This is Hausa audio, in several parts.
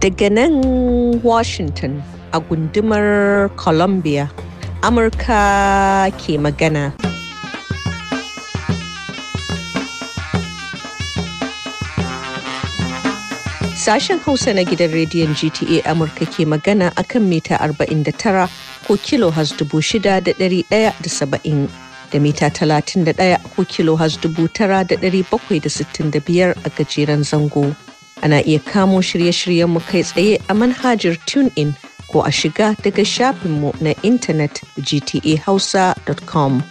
Daga nan Washington a gundumar Columbia, Amurka ke magana. Sashen Hausa na gidan rediyon GTA Amurka ke magana akan mita 49 ko kilo da saba'in. da mita 31 ko kilo da biyar a gajeren zango. Ana iya kamo shirye-shiryenmu kai tsaye a manhajar TuneIn ko a shiga daga shafinmu na intanet gtahausa.com.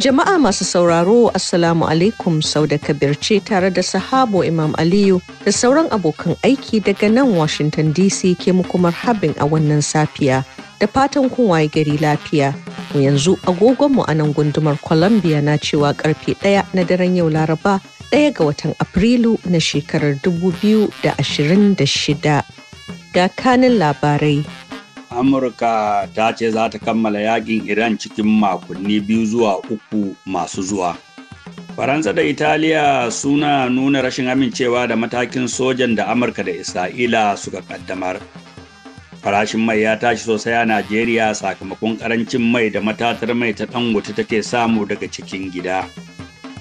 Jama'a masu sauraro Assalamu alaikum sau da kabir ce tare da sahabo Imam Aliyu da sauran abokan aiki daga nan Washington DC ke muku marhabin a wannan safiya. da fatan kun waye gari lafiya. Mu yanzu agogonmu a nan gundumar Columbia na cewa karfe ɗaya na daren yau Laraba ɗaya ga watan Afrilu na shekarar 2026. Ga kanin labarai. Amurka ta ce za ta kammala yakin Iran cikin makonni biyu zuwa uku masu zuwa. Faransa da Italiya suna nuna rashin amincewa da matakin sojan da Amurka da Isra'ila suka kaddamar. farashin mai ya tashi sosai a najeriya sakamakon karancin mai da matatar mai ta dangote take samu daga cikin gida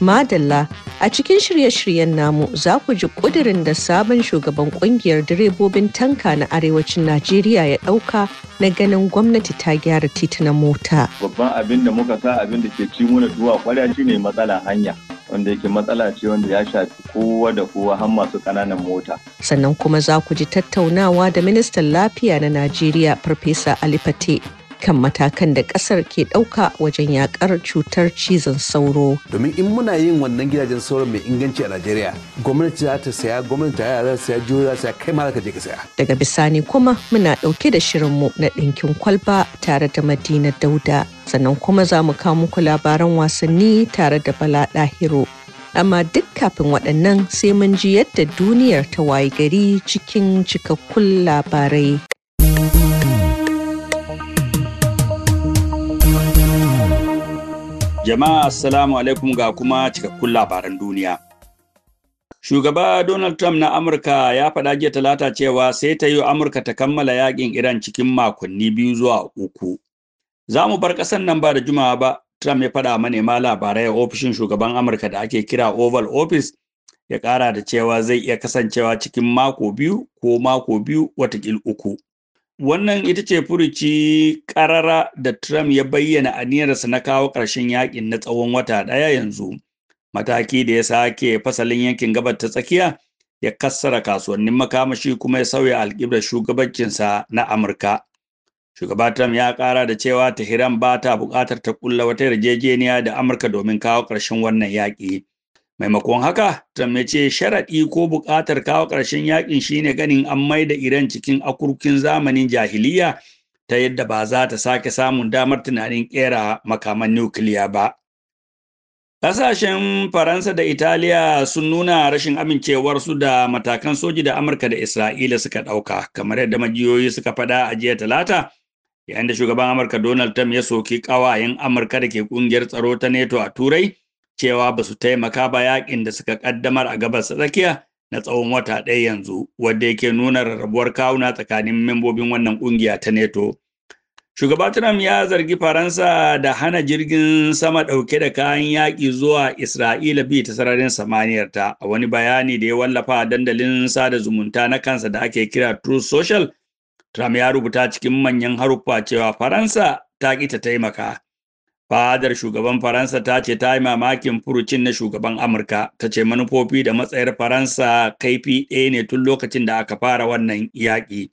Madalla a cikin shirye-shiryen namu za ku ji kudirin da sabon shugaban kungiyar direbobin tanka na arewacin Najeriya ya ɗauka na ganin gwamnati ta gyara titunan mota. Babban abin da muka sa abin da ke ci muna duwa kwarya ne matsalar hanya. wanda yake matsala ce wanda ya shafi kowa da kowa har masu ƙananan mota. Sannan kuma za ku ji tattaunawa da ministan lafiya na Najeriya Farfesa alifate. kan matakan da ƙasar ke ɗauka wajen yakar cutar cizon sauro. Domin in muna yin wannan gidajen sauro mai inganci a Najeriya, gwamnati za ta saya, gwamnati ta za saya, jihohi za ta saya, kai ma za ka je ka saya. Daga bisani kuma muna ɗauke da shirin mu na ɗinkin kwalba tare da Madina Dauda. Sannan kuma za mu kawo muku labaran wasanni tare da Bala Ɗahiro. amma duk kafin waɗannan sai mun ji yadda duniyar ta wayi gari cikin cikakkun labarai. Jama'a Assalamu alaikum ga kuma cikakkun labaran duniya. Shugaba Donald Trump na Amurka ya faɗa jiya talata cewa sai ta yi Amurka ta kammala yakin Iran cikin makonni biyu zuwa uku. Za mu bar ƙasar nan ba da juma'a ba, Trump ya faɗa manema labarai a ofishin shugaban Amurka da ake kira Oval Office ya ƙara da cewa zai iya kasancewa cikin mako biyu ko mako biyu watakil uku. Wannan ita ce furuci karara da Trump ya bayyana a aniyarsa na kawo ƙarshen yakin na tsawon wata ɗaya yanzu. Mataki da ya sake fasalin yankin gabar ta tsakiya ya kassara kasuwannin makamashi kuma ya sauya alƙiblar shugabancinsa na Amurka. Shugaba Trump ya ƙara da cewa Tehran ba ta buƙatar ta ƙulla wata yarjejeniya da Amurka domin kawo ƙarshen wannan yaƙi. maimakon haka trump ce sharaɗi ko buƙatar kawo ƙarshen yakin shine ganin an maida iran cikin akurkin zamanin jahiliya ta yadda ba za ta sake samun damar tunanin ƙera makaman nukiliya ba ƙasashen faransa da italiya sun nuna rashin amincewarsu da matakan soji da amurka da isra'ila suka ɗauka kamar yadda majiyoyi suka faɗa a jiya talata yayin da shugaban amurka donald trump ya soki ƙawayen amurka da ke ƙungiyar tsaro ta NATO a turai cewa ba su taimaka ba yakin da suka kaddamar a gabas tsakiya na tsawon wata ɗaya yanzu wadda yake nuna rarrabuwar kawuna tsakanin membobin wannan kungiya ta neto shugaba trump ya zargi faransa da hana jirgin sama ɗauke da kayan yaƙi zuwa isra'ila bi ta sararin samaniyar ta a wani bayani da ya wallafa a dandalin sada zumunta na kansa da ake kira truth social trump ya rubuta cikin manyan haruffa cewa faransa ta ƙi ta taimaka fadar shugaban faransa ta ce ta yi mamakin furucin na shugaban amurka ta ce manufofi da matsayar faransa kaifi ɗaya ne tun lokacin da aka fara wannan yaƙi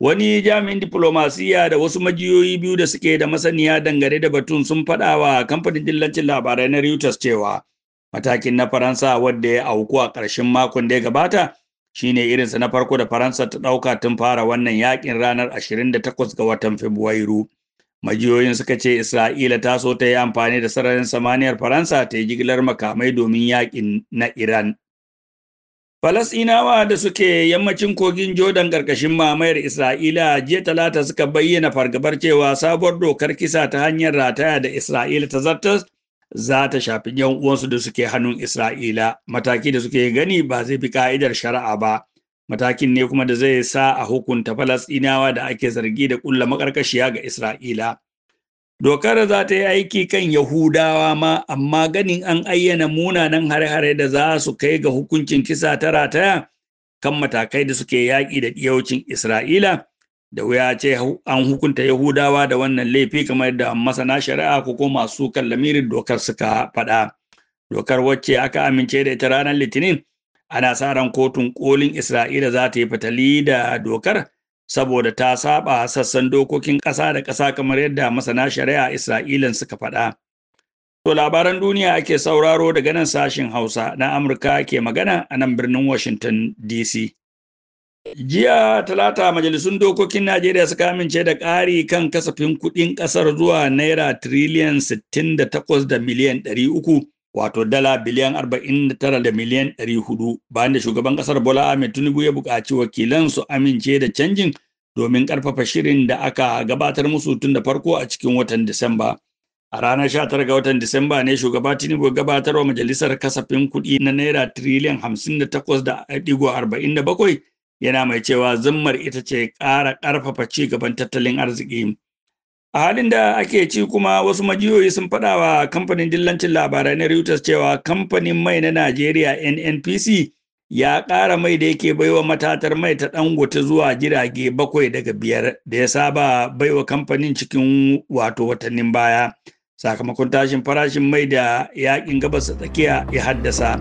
wani jami'in diplomasiya da wasu majiyoyi biyu da suke da masaniya dangane da batun sun faɗa wa kamfanin dillancin labarai na reuters cewa matakin na faransa wadda ya auku a ƙarshen makon da ya gabata shine irinsa na farko da faransa ta ɗauka tun fara wannan yaƙin ranar 28 ga watan fabrairu majiyoyin suka ce isra'ila ta so ta yi amfani da sararin samaniyar faransa ta yi jigilar makamai domin yakin na iran falasinawa da suke yammacin kogin jordan ƙarƙashin mamayar isra'ila jiya talata suka bayyana fargabar cewa sabuwar dokar kisa ta hanyar rataya da isra'ila ta zarta za ta shafi yan uwansu da suke hannun isra'ila mataki da suke gani ba zai fi ka'idar shari'a ba matakin ne kuma da zai sa a hukunta falasɗinawa da ake zargi da ƙulla maƙarƙashiya ga isra'ila dokar za ta yi aiki kan yahudawa ma amma ganin an ayyana munanan hare-hare da za su kai ga hukuncin kisa ta rataya kan matakai da suke yaƙi da ɗiyaucin isra'ila da wuya ce an hukunta yahudawa da wannan laifi kamar da masana shari'a ko masu kan lamirin dokar suka faɗa dokar wacce aka amince da ita ranar litinin ana sa ran kotun kolin isra'ila za ta yi fitali da dokar saboda ta saba sassan dokokin ƙasa da ƙasa kamar yadda masana shari'a isra'ila suka faɗa to labaran duniya ake sauraro daga nan sashin hausa na amurka ke magana a nan birnin washington dc jiya talata majalisun dokokin najeriya suka amince da ƙari kan kasafin kuɗin ƙasar zuwa naira tiriliyan 68 da miliyan 300 wato dala biliyan 49 da miliyan 400 bayan da shugaban ƙasar Bola Ahmed Tinubu ya buƙaci wakilan su amince da canjin domin ƙarfafa shirin da aka gabatar musu tun da farko a cikin watan Disamba. A ranar 19 ga watan Disamba ne shugaba Tinubu gabatar wa majalisar kasafin kuɗi na Naira tiriliyan 58.47 yana mai cewa zammar ita ce ƙara ƙarfafa ci gaban tattalin arziki. a halin da ake ci kuma wasu majiyoyi sun faɗa wa kamfanin dillancin labarai na reuters cewa kamfanin mai na najeriya nnpc ya ƙara mai da yake baiwa matatar mai ta dangote zuwa jirage bakwai daga biyar da ya saba baiwa kamfanin cikin wato watannin baya sakamakon tashin farashin mai da yakin gabas tsakiya ya haddasa.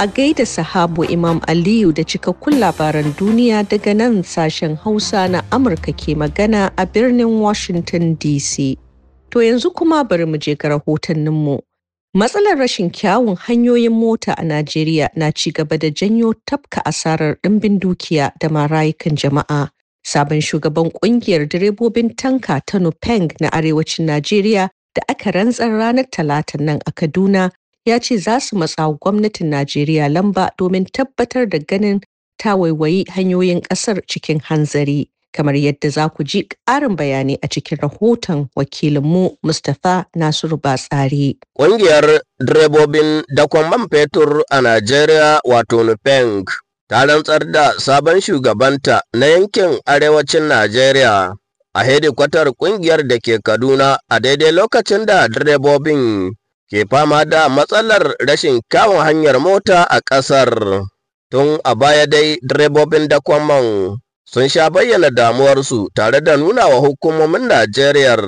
a gaida sahabu Imam Aliyu da cikakkun labaran duniya daga nan sashen Hausa na Amurka ke magana a birnin Washington DC. To yanzu kuma bari mu je ga rahotanninmu. Matsalar rashin kyawun hanyoyin mota a Najeriya na ci gaba da janyo tafka asarar ɗimbin dukiya da marayukan jama'a. Sabon shugaban ƙungiyar direbobin tanka ta Nupeng na arewacin Najeriya da aka rantsar ranar talatan nan a Kaduna ya ce za su matsa gwamnatin Najeriya lamba domin tabbatar da ganin ta waiwayi hanyoyin ƙasar cikin hanzari. Kamar yadda za ku ji ƙarin bayani a cikin rahoton wakilinmu Mustapha Nasiru Batsari. Ƙungiyar direbobin dakon man fetur a Najeriya wato Nupeng ta rantsar da sabon shugabanta na yankin arewacin Najeriya a hedikwatar ƙungiyar da ke Kaduna a daidai lokacin da direbobin ke fama da matsalar rashin kyawun hanyar mota a ƙasar. Tun a baya dai direbobin kwamman sun sha bayyana damuwarsu tare da nuna wa hukumomin Najeriya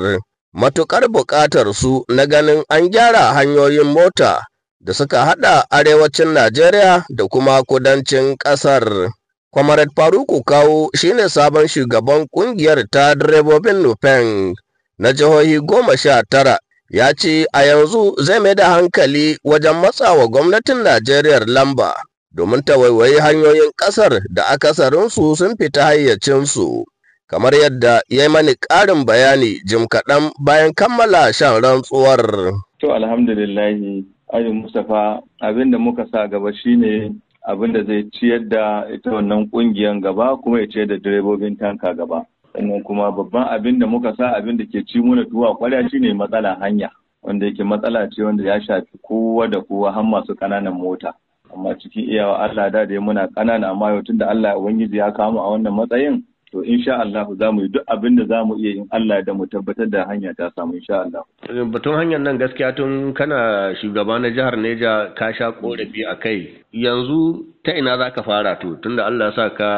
matukar buƙatar su na ganin an gyara hanyoyin mota da suka haɗa arewacin Najeriya da kuma kudancin ƙasar. Kwamarat Faruku Kawo shine sabon shugaban ƙungiyar ta direbobin Nupeng na jihohi goma sha tara ya ce a yanzu zai mai da hankali wajen matsawa gwamnatin Najeriya lamba domin ta waiwayi hanyoyin ƙasar da akasarinsu sun fita hayyacinsu, kamar yadda ya yi mani ƙarin bayani jim kaɗan bayan kammala shan rantsuwar. To alhamdulillahi, Ayu Mustapha abin da muka sa gaba shine abin da zai ciyar da ita wannan ƙungiyar gaba kuma ya ciyar da direbobin tanka gaba. sannan kuma babban abin da muka sa abin da ke ci muna tuwa kwarya ne matsala hanya wanda yake matsala ce wanda ya shafi kowa da kowa har masu ƙananan mota amma cikin iyawa Allah da dai muna ƙanana amma yau tunda Allah wangiji ya kamu a wannan matsayin to insha Allah za mu yi duk abin da za mu iya yin Allah da mu tabbatar da hanya ta samu insha Allah batun hanyar nan gaskiya tun kana shugaba na jihar Neja ka sha korafi a kai yanzu ta ina za ka fara to tunda Allah ya sa ka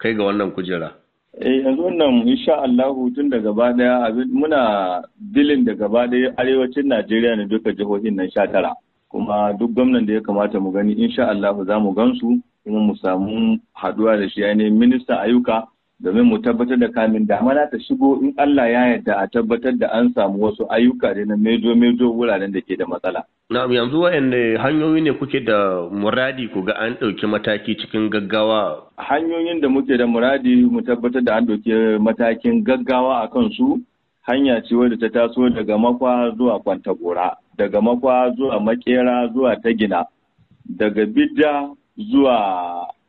kai ga wannan kujera Eh yanzu wannan insha Allah tun da gaba daya muna dilin da gaba daya arewacin Najeriya ne duka jihohin nan sha tara. Kuma duk gwamnan da ya kamata mu gani insha Allah za mu gansu kuma mu samu haduwa da shi ne Minista Ayuka, domin mu tabbatar da kamin damana ta shigo in Allah ya yarda a tabbatar da an samu wasu ayyuka da na mejo mejo wuraren da ke da matsala. Na'am yanzu waɗanne hanyoyi ne kuke da muradi ku ga an ɗauki mataki cikin gaggawa? Hanyoyin da muke da muradi mu tabbatar da an ɗauki matakin gaggawa a kansu hanya ce wadda ta taso daga makwa zuwa kwantagora, daga makwa zuwa makera zuwa tagina, daga bidda zuwa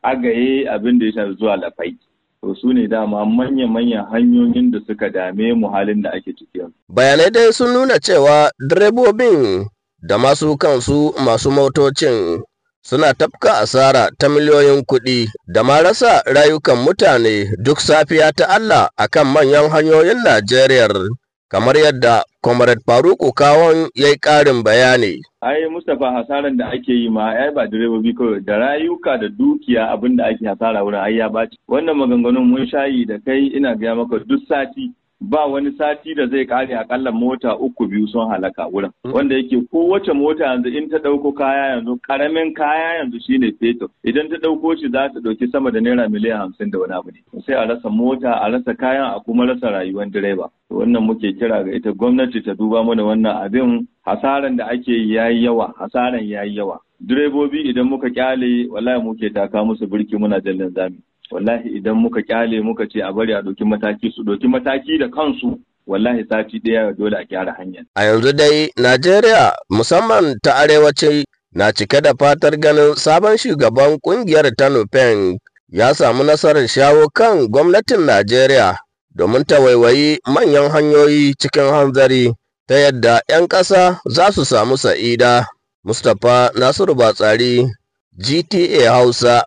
agaye abin da ya shafi zuwa lafai. to su ne dama manya-manyan hanyoyin da suka dame mu halin da ake ciki. Bayanai dai sun nuna cewa direbobin da masu kansu masu motocin suna tafka asara ta miliyoyin kuɗi da ma rasa rayukan mutane duk safiya ta Allah a kan manyan hanyoyin Najeriya kamar yadda Comrade Faruku Kawon ya yi ƙarin bayani. Ai Mustapha hasaran da ake yi ma ai ba direbobi kawai da rayuka da dukiya abin da ake hasara wurin ai ya Wannan maganganun mun shayi da kai ina gaya maka duk sati ba wani sati da zai kare akalla mota uku biyu sun halaka wurin mm. wanda yake kowace mota yanzu in ta ɗauko kaya yanzu karamin kaya yanzu shine fetur idan ta ɗauko shi za ta ɗauki sama da naira miliyan hamsin da wani abu ne sai a rasa mota a rasa kayan a kuma rasa rayuwar direba wannan muke kira ga ita gwamnati ta duba mana wannan abin hasaran da ake yayi yawa hasaran yayi yawa direbobi idan muka kyale wallahi muke taka musu birki muna jallin zami wallahi idan muka kyale muka ce a bari a ɗauki mataki su ɗauki mataki da kansu wallahi sati ɗaya dole a gyara hanyar. A yanzu dai Najeriya musamman ta arewaci na cike da fatar ganin sabon shugaban ƙungiyar ta ya samu nasarar shawo kan gwamnatin Najeriya domin ta waiwayi manyan hanyoyi cikin hanzari ta yadda 'yan ƙasa za su samu sa'ida. Mustapha Nasiru Batsari, GTA Hausa.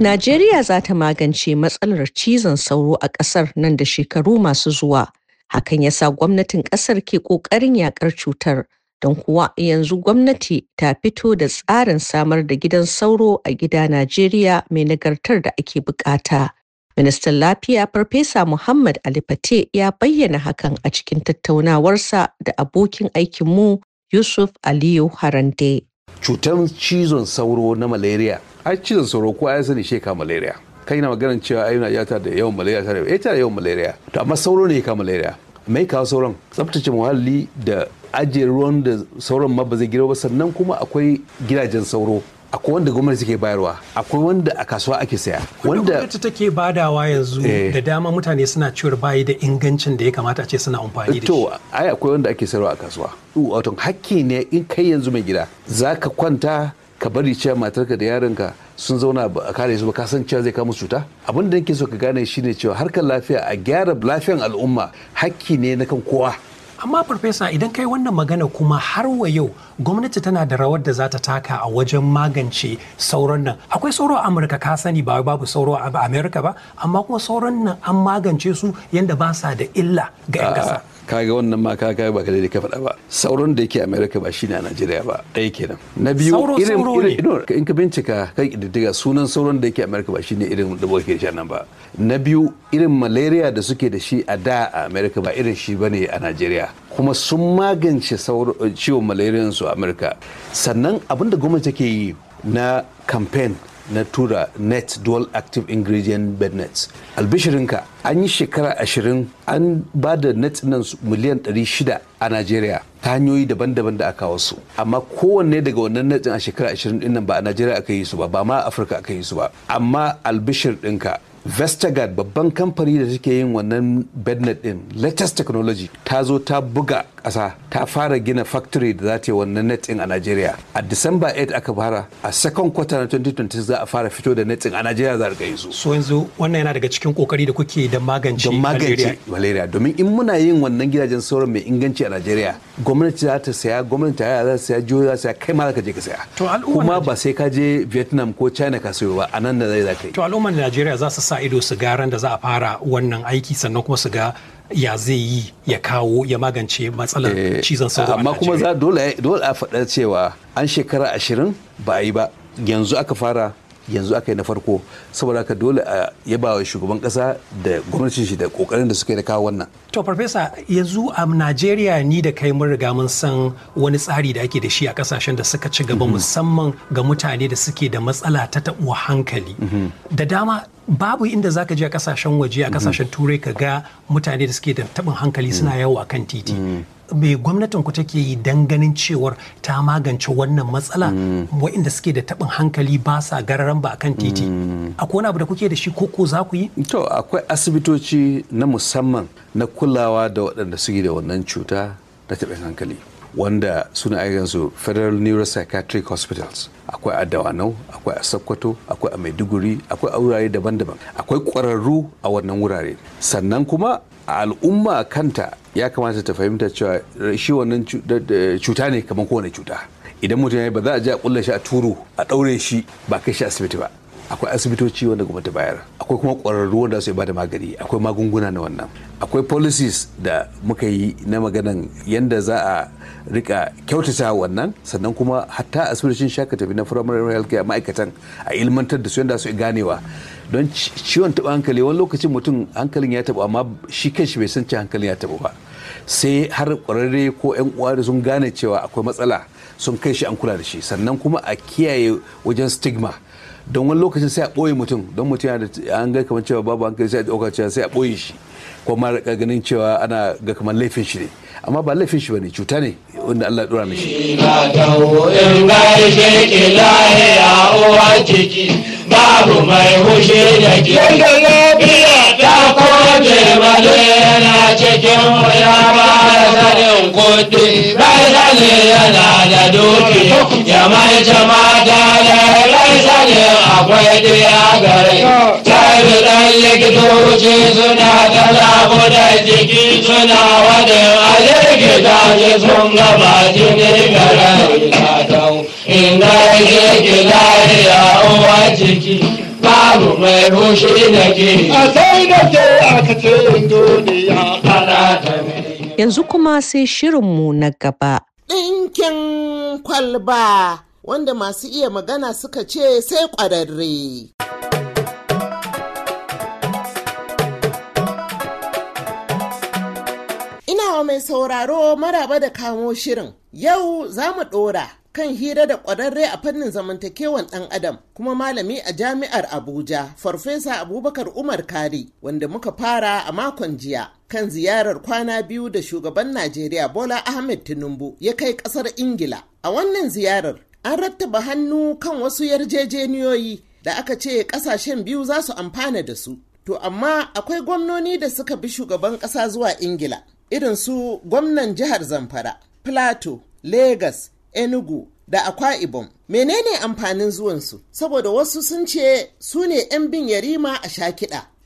Najeriya za ta magance matsalar cizon sauro a ƙasar nan da shekaru masu zuwa. Hakan ya sa gwamnatin ƙasar ke ƙoƙarin yaƙar cutar. Don kuwa yanzu gwamnati ta fito da tsarin samar da gidan sauro a gida Najeriya mai nagartar da ake buƙata. Ministan Lafiya Farfesa Muhammad Ali Fate ya bayyana hakan a cikin tattaunawarsa da abokin aikinmu Yusuf Aliyu Harande. cutar cizon sauro na malaria a cizon sauro ko ya sani sheka malaria kai na maganar cewa ai na yata da yawan malaria ta da ita eh, yawan malaria to amma sauro ne ka malaria mai kawo sauron tsaftace muhalli da ajiye ruwan da sauron ma ba zai girma ba sannan kuma akwai gidajen sauro akwai wanda gwamnati take bayarwa akwai wanda a kasuwa ake saya wanda gwamnati take badawa yanzu eh. da dama mutane suna ciwar bayi da ingancin da ya kamata a ce suna amfani da shi to ai akwai wanda ake sayarwa a kasuwa wato hakki ne in kai yanzu mai gida zaka kwanta ka bari cewa matarka da yaronka sun zauna a kare su ba ka san cewa zai kama cuta abin da nake so ka gane shine cewa harkar lafiya a gyara lafiyan al'umma hakki ne na kan kowa amma farfesa idan kai wannan magana kuma har wa yau gwamnati tana da rawar da za ta taka a wajen magance sauran nan akwai sauro a amurka ka sani ba babu sauro a amerika ba amma kuma sauran nan an magance su yadda ba sa da illa ga 'yan ƙasa ah, kaga wannan ma ka ba ka daidai ka faɗa ba sauron da yake america ba shine a najeriya ba ɗaya kenan na biyu irin irin in ka bincika kan diddiga sunan sauron da yake america ba shine irin da ke shi nan ba na biyu irin malaria da suke da shi a da a america ba irin shi bane a najeriya kuma sun magance ciwon malaria su a america sannan abin da gwamnati take yi na campaign na tura net dual active ingredient bed nets albishirinka an yi shekara ashirin an ba da net nan miliyan 600 a najeriya ta hanyoyi daban-daban da aka wasu amma kowanne daga wannan net a shekara ashirin dinnan ba a najeriya aka yi su ba ba ma afirka aka yi su ba amma albishir ɗinka Vestergaard babban kamfani da take yin wannan bednet din latest technology ta zo ta buga ƙasa ta fara gina factory da za ta yi wannan net din a nigeria A December 8 aka fara a second quarter na 2020 za a fara fito da net din a nigeria za a rika su. So yanzu wannan yana daga cikin kokari da kuke da magance magance malaria domin in muna yin wannan gidajen sauran mai inganci a nigeria gwamnati za ta saya gwamnati ta za ta saya jiyo za ta saya kai ma za ka je ka saya. Kuma ba sai ka je Vietnam ko China ka sayo ba a nan da zai za ka yi. To al'ummar nigeria za su sa sa ido su ga ran da za a fara wannan aiki sannan kuma su ga ya zai yi ya kawo ya magance matsalar eh, cizon sauro amma kuma za dole a faɗa cewa an shekara ashirin ba a yi ba yanzu aka fara yanzu aka yi na farko saboda haka dole a yaba wa shugaban kasa da gwamnatin shi da kokarin da suka yi da kawo wannan to farfesa yanzu a najeriya ni da kai mun riga mun san wani tsari da ake da shi a kasashen da suka ci gaba mhm. musamman ga mutane da suke da matsala ta taɓuwa hankali mhm. da dama babu inda zaka je a kasashen waje a kasashen mhm. turai ka ga mutane da suke da taɓin hankali suna yawo a kan titi me gwamnatin ku take yi dan ganin cewar ta magance wannan matsala mm. waɗanda suke da taɓin hankali ba sa gararan ba kan titi mm. akwai wani abu da kuke da shi koko za ku yi to akwai asibitoci na musamman na kulawa da waɗanda suke da wannan cuta na taɓin hankali wanda suna aikansu federal neuropsychiatric hospitals akwai a dawanau akwai a sokoto akwai a maiduguri akwai a wurare daban-daban akwai ƙwararru a wannan wurare sannan kuma a al'umma kanta ya kamata ta fahimta cewa shi wannan cuta ne kamar kowane cuta idan mutum ya ba za a je a kulla shi a turu a daure shi ba kai shi asibiti ba akwai asibitoci wanda gwamnati bayar akwai kuma ƙwararru wanda su bada magani akwai magunguna na wannan akwai policies da muka yi na maganan yadda za a rika kyautata wannan sannan kuma hatta asibitocin shakatafi na primary health ma'aikatan a ilmantar da su yadda su ganewa don ciwon taɓa hankali wani lokacin mutum hankalin ya taɓa amma shi kanshi bai san ci hankalin ya taɓa ba sai har ƙwararre ko 'yan uwa da sun gane cewa akwai matsala sun kai shi an kula da shi sannan kuma a kiyaye wajen stigma don wani lokacin sai a ɓoye mutum don mutum yana da an ga kamar cewa babu hankali sai a ɗauka cewa sai a ɓoye shi ko ma da ganin cewa ana ga kamar laifin shi ne amma ba laifin shi bane cuta ne wanda Allah ya dora mishi. Ina tawo in gaishe ke lahiya uwa ciki babu mai hushe da ke. ta koje madina cikin ya a da sanin kuɗi bai sani yana da duki ya mai jama'a da bai sani akwai diya gare tabi dan likitoci suna ta labu da jiki suna wani alikita ji sun gaba jini gare ta tau inda yake gida ya uwa jiki mu mai hushi da ke a sai da ke a duniya yanzu kuma sai shirinmu na gaba ɗinkin kwalba wanda masu iya magana suka ce sai ƙwararre ina wa mai sauraro maraba da kamo shirin yau za mu ɗora kan hira da ƙwararre a fannin zamantakewan ɗan adam kuma malami a jami'ar Abuja, Farfesa Abubakar Umar Kari, wanda muka fara a makon jiya. kan ziyarar kwana biyu da shugaban Najeriya Bola Ahmed Tinubu ya kai ƙasar Ingila. A wannan ziyarar, an rattaba hannu kan wasu yarjejeniyoyi da aka ce ƙasashen biyu za su amfana da su. To amma akwai gwamnoni da suka bi shugaban ƙasa zuwa Ingila, irin su gwamnan jihar Zamfara, Plateau, Legas, Enugu da Akwa Ibom. Menene amfanin zuwansu? Saboda wasu sun ce su ne 'yan bin yarima a sha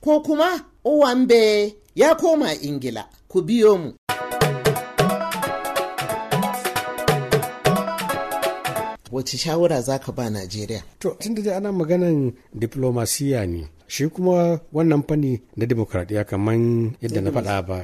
ko kuma Uwambe ya koma Ingila, ku biyo mu. Wace shawara za ka ba Najeriya? To, tun da ana maganan diplomasiya ne. shi kuma wannan fanni na demokradiyya kamar yadda na faɗa ba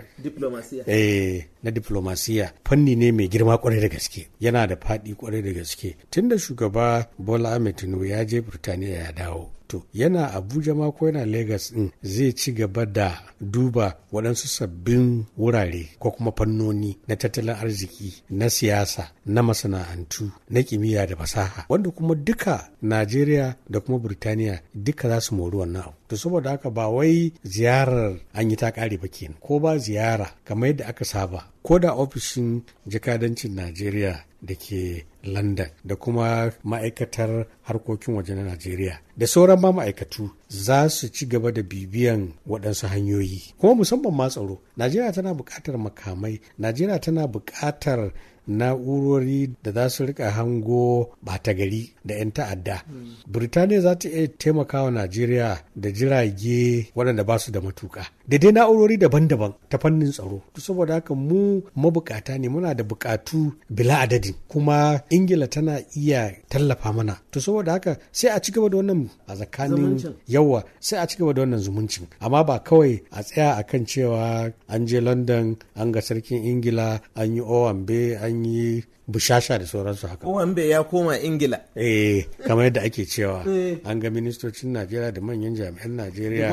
eh, na diplomasiya fanni ne mai girma kwarai da gaske yana da faɗi kwarai da gaske tunda shugaba bola ahmed tinubu ya je burtaniya ya dawo to yana abuja ma ko yana lagos din zai ci gaba da duba waɗansu sabbin wurare ko kuma fannoni na tattalin arziki na siyasa na masana'antu na kimiyya da fasaha wanda kuma duka najeriya da kuma burtaniya duka za su mori wannan abu to saboda haka ba wai ziyarar an yi ta kare ba kenan ko ba ziyara kamar yadda aka saba ko da ofishin jakadancin najeriya da ke london da kuma ma'aikatar harkokin waje na najeriya da sauran ba ma'aikatu za su ci gaba da bibiyan waɗansu hanyoyi kuma musamman ma tsaro najeriya tana buƙatar makamai najeriya tana buƙatar na'urori da za su rika hango bata gari da 'yan ta'adda hmm. birtaniya za ta iya taimakawa najeriya da jirage waɗanda ba su da matuka da dai na'urori daban-daban ta fannin tsaro saboda haka mu mabukata ne muna da bukatu bila adadin kuma ingila tana iya tallafa mana to saboda haka sai a cigaba da wannan a tsakanin yawa sai a cigaba da wannan zumuncin amma ba kawai a tsaya akan cewa an je london an ga sarkin ingila an yi owambe an sun yi bushasha da sauransu haka. Wambe ya koma Ingila. Eh, kamar yadda ake cewa eh. an ga ministocin Najeriya da manyan jami'an Najeriya.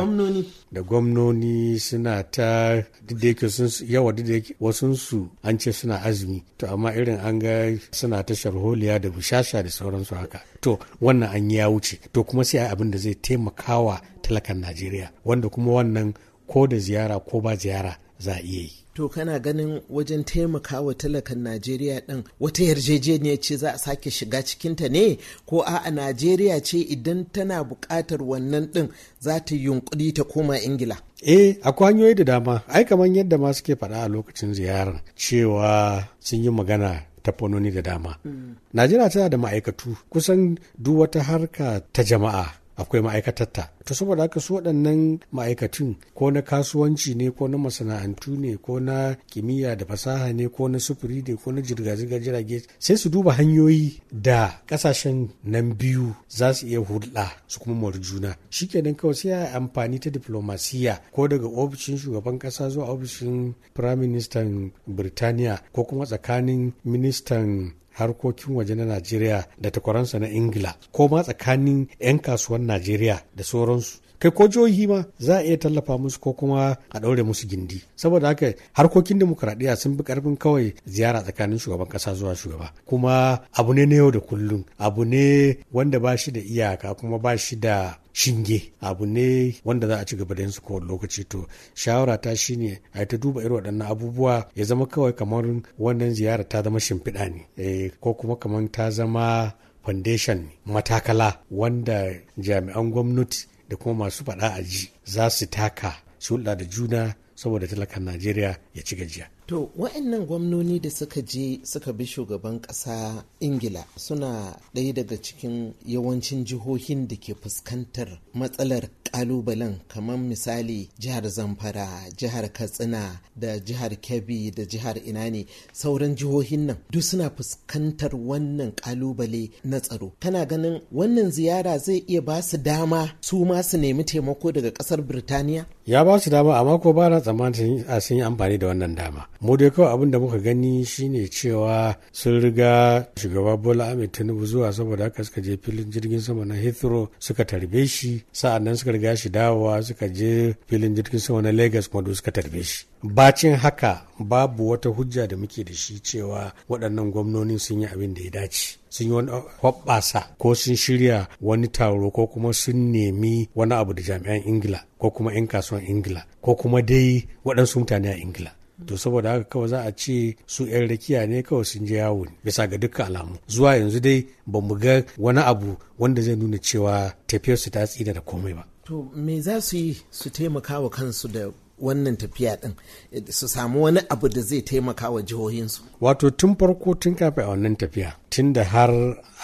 Da gwamnoni. suna ta duk sun yawa wasunsu an ce suna azumi. To amma irin an ga suna ta sharholiya da bushasha da sauransu haka. To wannan an ya wuce. To kuma sai a abin da zai taimakawa talakan Najeriya wanda kuma wannan ko da ziyara ko ba ziyara za a iya yi. to kana ganin wajen taimakawa talakan najeriya din wata yarjejeniya ce za a sake shiga cikinta ne ko a najeriya ce idan tana buƙatar wannan din za ta yunkuri ta koma ingila eh akwai hanyoyi da dama ai kamar yadda ma suke faɗa a lokacin ziyarar cewa sun yi magana ta fononi da dama mm. najeriya tana da ma'aikatu kusan duk wata harka ta jama'a akwai ma'aikatarta to saboda haka su waɗannan ma'aikatun ko na kasuwanci ne ko na masana'antu ne ko na kimiyya da fasaha ne ko na sufuri ne ko na jirga jirage sai su duba hanyoyi da ƙasashen nan biyu za su iya hulɗa su kuma mori juna shi shikenan kawai sai a amfani ta diplomasiya ko daga ofishin shugaban ƙasa zuwa ofishin firaministan birtaniya ko kuma tsakanin ministan harkokin waje na najeriya da takwaransa na ingila ko ma tsakanin 'yan kasuwan najeriya da sauransu kai ko jihohi ma za a iya tallafa musu ko kuma a ɗaure musu gindi saboda haka harkokin demokuraɗiyya sun bi ƙarfin kawai ziyara tsakanin shugaban ƙasa zuwa shugaba kuma abu ne na yau da kullum abu ne wanda ba shi da iyaka kuma ba shi da shinge abu ne wanda za a ci gaba da yinsu kowane lokaci to shawara ta shine a yi ta duba irin waɗannan abubuwa ya zama kawai kamar wannan ziyara ta zama shimfiɗa ne eh, ko kuma kamar ta zama foundation matakala wanda jami'an gwamnati da kuma masu faɗa a ji za su taka su da juna saboda talakan najeriya ya ci gajiya To wa'annan gwamnoni da suka je suka bi shugaban ƙasa Ingila suna ɗaya daga cikin yawancin jihohin da ke fuskantar matsalar ƙalubalen kamar misali jihar Zamfara, jihar Katsina da jihar Kebbi da jihar Inani sauran jihohin nan duk suna fuskantar wannan ƙalubale na tsaro. Kana ganin wannan ziyara zai iya ba su dama su ma su nemi taimako daga ƙasar Birtaniya? ya ba su dama amma ko ba na tsammanin a sun yi amfani da wannan dama mu dai kawai abin da muka gani shine cewa sun riga shugaba bola ahmed tinubu zuwa saboda haka suka je filin jirgin sama na heathrow suka tarbe shi sa'annan suka riga shi dawowa suka je filin jirgin sama na lagos kuma suka tarbe shi bacin haka babu wata hujja da muke da shi cewa waɗannan gwamnonin sun yi abin da ya dace sun yi wani hoɓɓasa ko sun shirya wani taro ko kuma sun nemi wani abu da jami'an ingila ko kuma 'yan kasuwan ingila ko kuma dai waɗansu mutane a ingila to saboda haka kawai za a ce su 'yan rakiya ne kawai sun je yawo bisa ga dukkan alamu zuwa yanzu dai ba mu ga wani abu wanda zai nuna cewa tafiyarsu ta tsira da komai ba to me za su yi su taimaka wa kansu da wannan tafiya din eh, su samu wani abu da zai taimaka wa jihohinsu. Wato tun farko tun kafe a wannan tafiya tun da har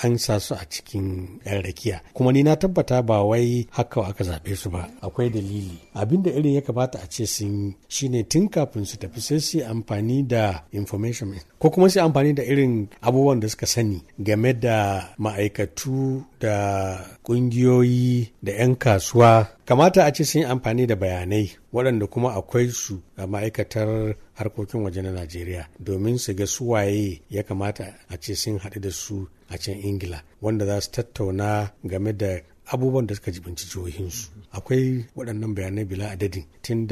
an sa su a cikin yan rakiya kuma ni na tabbata ba wai haka aka zaɓe su ba akwai dalili abin da irin ya kamata a ce sun shine tun kafin su tafi sai su amfani da information ko kuma su amfani da irin abubuwan da suka sani game da ma'aikatu da ƙungiyoyi da 'yan kasuwa kamata a ce sun yi amfani da bayanai waɗanda kuma akwai su a ma'aikatar harkokin waje na najeriya domin su ga suwaye ya kamata a ce sun haɗu da su a can ingila wanda za su tattauna game da abubuwan da suka jibinci jihohinsu akwai waɗannan bayanai bila adadin tun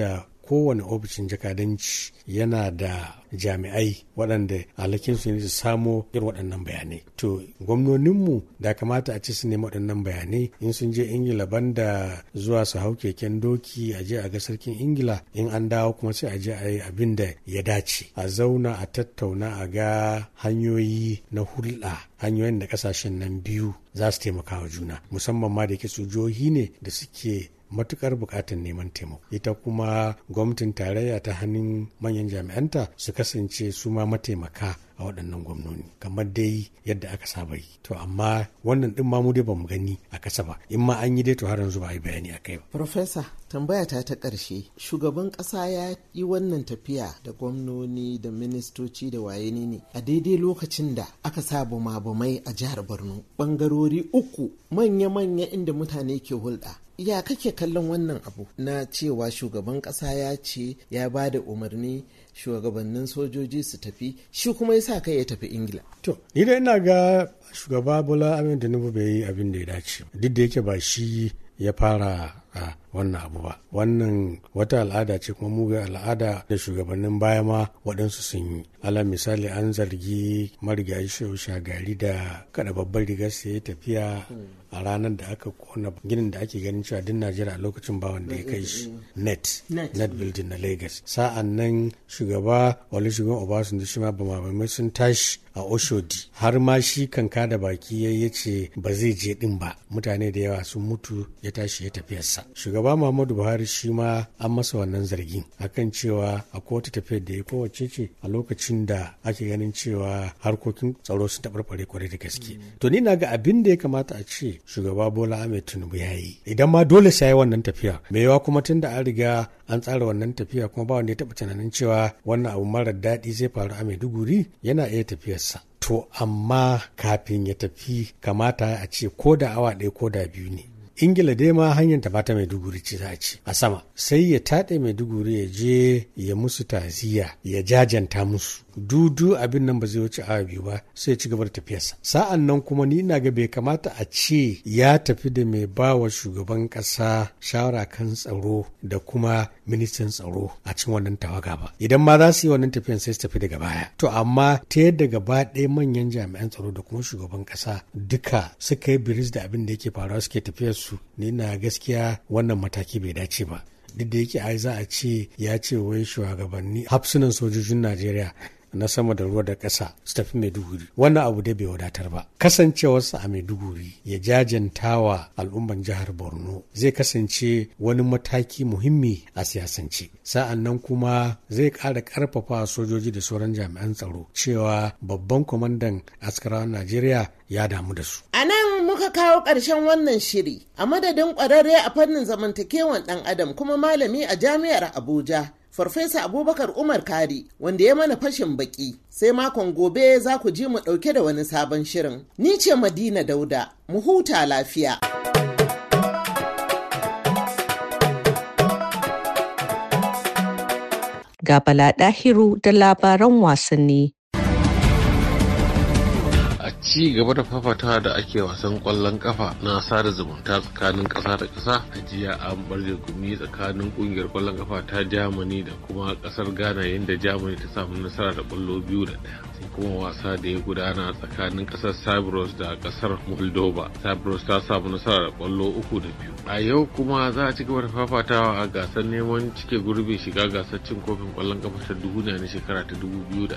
kowane ofishin jakadanci yana da jami'ai waɗanda alhakinsu ne su samo irin waɗannan bayanai to gwamnoninmu da kamata a ci su nemi waɗannan bayanai in sun je ingila banda zuwa su hau keken doki a je a ga sarkin ingila in an dawo kuma sai a je a yi abin da ya dace a zauna a tattauna a ga hanyoyi na hulɗa hanyoyin da ƙasashen nan biyu za su taimaka wa juna musamman ma da yake su jihohi ne da suke matukar bukatar neman taimako ita kuma gwamnatin tarayya ta hannun manyan jami'anta su kasance su ma mataimaka a waɗannan gwamnoni kamar dai yadda aka saba yi to amma wannan din ma mu dai bamu gani a kasa ba in ma an yi dai to har yanzu ba a yi bayani a kai ba professor tambaya ta ta ƙarshe shugaban ƙasa ya yi wannan tafiya da gwamnoni da ministoci da waye ne a daidai lokacin da aka sa bumabumai a jihar borno bangarori uku manya-manya inda mutane ke hulɗa ya kake kallon wannan abu na cewa shugaban kasa ya ce ya ba da umarni shugabannin sojoji su tafi shi kuma ya sa kai ya tafi ingila to ni da ina ga shugaba bola amin tinubu bai yi abin da ya dace duk da yake ba shi ya fara a wannan abu ba wannan wata al'ada ce kuma muga al'ada da shugabannin baya ma waɗansu sun yi ala misali an zargi marigayi shehu shagari da kada babbar rigar sa ya tafiya a ranar da aka kona ginin da ake ganin cewa din najeriya a lokacin ba da ya kai shi net net building na lagos sa'an nan shugaba shugaban obasanjo shi ma bama sun tashi a oshodi har ma shi kanka da baki ya ce ba zai je din ba mutane da yawa sun mutu ya tashi ya tafiyarsa shugaba muhammadu buhari shi ma an masa wannan zargin a kan cewa a kotu tafiyar da ya kowace ce a lokacin da ake ganin cewa harkokin tsaro sun taɓarɓare kwarai da gaske mm. to ni na ga abin da ya kamata a ce shugaba bola ahmed tinubu ya yi idan ma dole sai wannan tafiya mai yawa kuma tun da an riga an tsara wannan tafiya kuma ba wanda ya taɓa tunanin cewa wannan abu mara daɗi zai faru a maiduguri yana iya tafiyarsa to amma kafin ya tafi kamata a ce ko da awa ɗaya ko da biyu ne ingila dai ma hanyar ta fata maiduguri ce za a ci a sama sai ya taɗe maiduguri ya je ya musu taziya ya jajanta musu dudu abin nan ba zai wuce awa biyu ba sai ya ci gaba da tafiyarsa sa'an nan kuma ni ina ga bai kamata a ce ya tafi da mai bawa shugaban ƙasa shawara kan tsaro da kuma ministan tsaro a cikin wannan tawaga ba idan ma za su yi wannan tafiyan sai su tafi daga baya to amma ta yadda gaba ɗaya manyan jami'an tsaro da kuma shugaban ƙasa duka suka yi biris da abin da yake faruwa suke tafiyarsu su ni na gaskiya wannan mataki bai dace ba duk da yake ai za a ce ya ce wai shugabanni hafsunan sojojin najeriya na sama da ruwa da ƙasa su tafi maiduguri wannan abu da bai wadatar ba kasancewarsa a maiduguri ya jajanta wa al'umman jihar borno zai kasance wani mataki muhimmi a siyasance sa'an nan kuma zai ƙara ƙarfafa sojoji da sauran jami'an tsaro cewa babban kwamandan askarawan najeriya ya damu da su a muka kawo ƙarshen wannan shiri a madadin ƙwararre a fannin zamantakewan ɗan adam kuma malami a jami'ar Abuja. Farfesa Abubakar Umar Kari wanda ya mana fashin baki sai makon gobe za ku ji mu ɗauke da wani sabon shirin. Ni ce Madina Dauda, mu huta lafiya. Ga Bala Dahiru da labaran wasanni. ci gaba da fafata da ake wasan kwallon kafa na sada zumunta tsakanin kasa da kasa a jiya an barje gumi tsakanin kungiyar kwallon kafa ta Jamani da kuma kasar ghana yadda Jamani ta samu nasara da kwallo biyu da daya sai kuma wasa da ya gudana tsakanin kasar cyprus da kasar moldova cyprus ta samu nasara nasarar kwallo uku da biyu a yau kuma za a ci gaba da fafatawa a gasar neman cike gurbi shiga gasar cin kofin kwallon kafa ta duniya na shekara ta 2026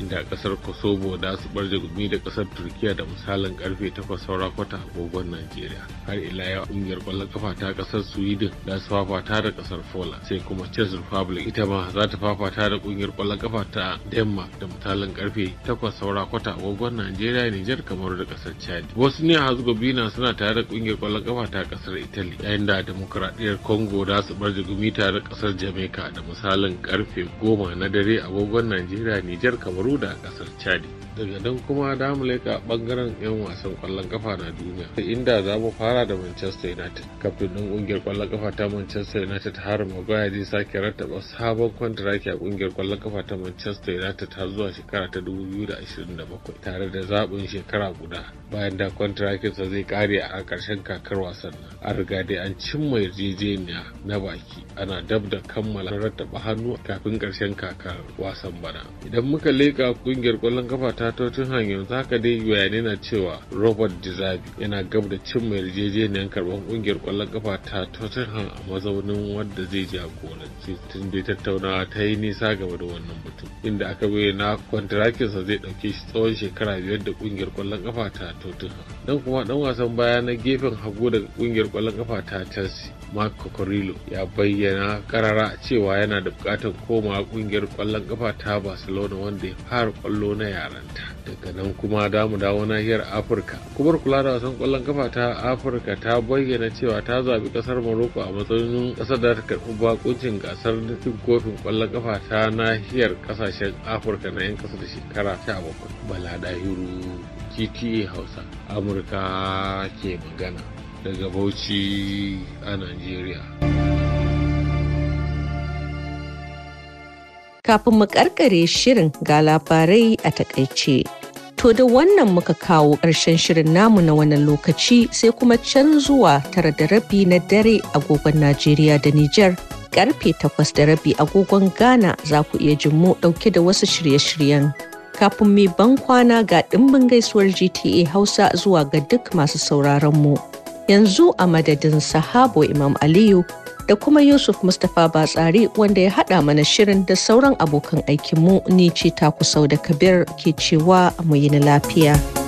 inda kasar kosovo da su barje gumi da kasar turkiya da misalin karfe 8 saura kwata agogon najeriya har ila yau kungiyar kwallon kafa ta kasar sweden da su fafata da kasar poland sai kuma czech republic ita ma za ta fafata da kungiyar kwallon kafa ta denmark da misalin karfe takwas saura kwata agogon Najeriya Nijar kamar da kasar Chad. Bosnia hazgobina suna tare da kungiyar kwallon kafa ta kasar Italy yayin da demokradiyyar Congo za su bar jigumi tare da kasar Jamaica da misalin karfe goma na dare agogon Najeriya Nijar kamar da kasar Chad. daga nan kuma da mu leka bangaren 'yan wasan kwallon kafa na duniya inda za mu fara da manchester united kafin din kungiyar kwallon kafa ta manchester united har maguire zai sake rattaba sabon kwantiraki a kungiyar kwallon kafa ta manchester united har zuwa shekara ta 2027 tare da zaɓin shekara guda bayan da kwantirakinsa zai kare a ƙarshen kakar wasan nan a riga dai an cimma yarjejeniya na baki ana dab da kammala rattaba hannu kafin ƙarshen kakar wasan bana idan muka leka kungiyar kwallon kafa ta ta tocin hanyar ka dai bayanai na cewa robert dizabi yana gab da cin mai yarjejeniyar karban kungiyar kwallon kafa ta tottenham a mazaunin wadda zai ji a jagoranci tun dai tattaunawa ta yi nisa gaba da wannan mutum inda aka bayyana kwantarakinsa zai ɗauke shi tsawon shekara biyar da kungiyar kwallon kafa ta tottenham dan kuma dan wasan baya na gefen hagu daga kungiyar kwallon kafa ta chelsea mark Cocorillo ya bayyana karara cewa yana da bukatar komawa kungiyar kwallon kafa ta barcelona wanda ya fara kwallo na yaran daga nan kuma da dawo nahiyar afirka kubar kula da wasan kwallon kafa ta afirka ta bayyana cewa ta zaɓi ƙasar morocco a matsayin ƙasar da ta karɓi bakuncin gasar cin kofin kwallon kafa ta nahiyar ƙasashen afirka na 'yan ƙasa da shekara ta 17 bala dahiru gta hausa amurka ke magana daga bauchi a najeriya Kafin mu karkare shirin ga labarai a takaice. To da wannan muka kawo ƙarshen shirin namu na wannan lokaci sai kuma can zuwa tara da rabi na dare agogon Najeriya da Nijar. Karfe takwas da rabi agogon Ghana za ku iya jin mu ɗauke da wasu shirye-shiryen. Kafin mai ban kwana ga ɗimbin gaisuwar GTA Hausa zuwa ga duk masu sauraron mu. Yanzu a madadin Sahabo Imam Aliyu da kuma Yusuf Mustapha Batsari wanda ya haɗa mana shirin da sauran abokan aikinmu ni ce taku sau da kabir ke cewa mu yi lafiya.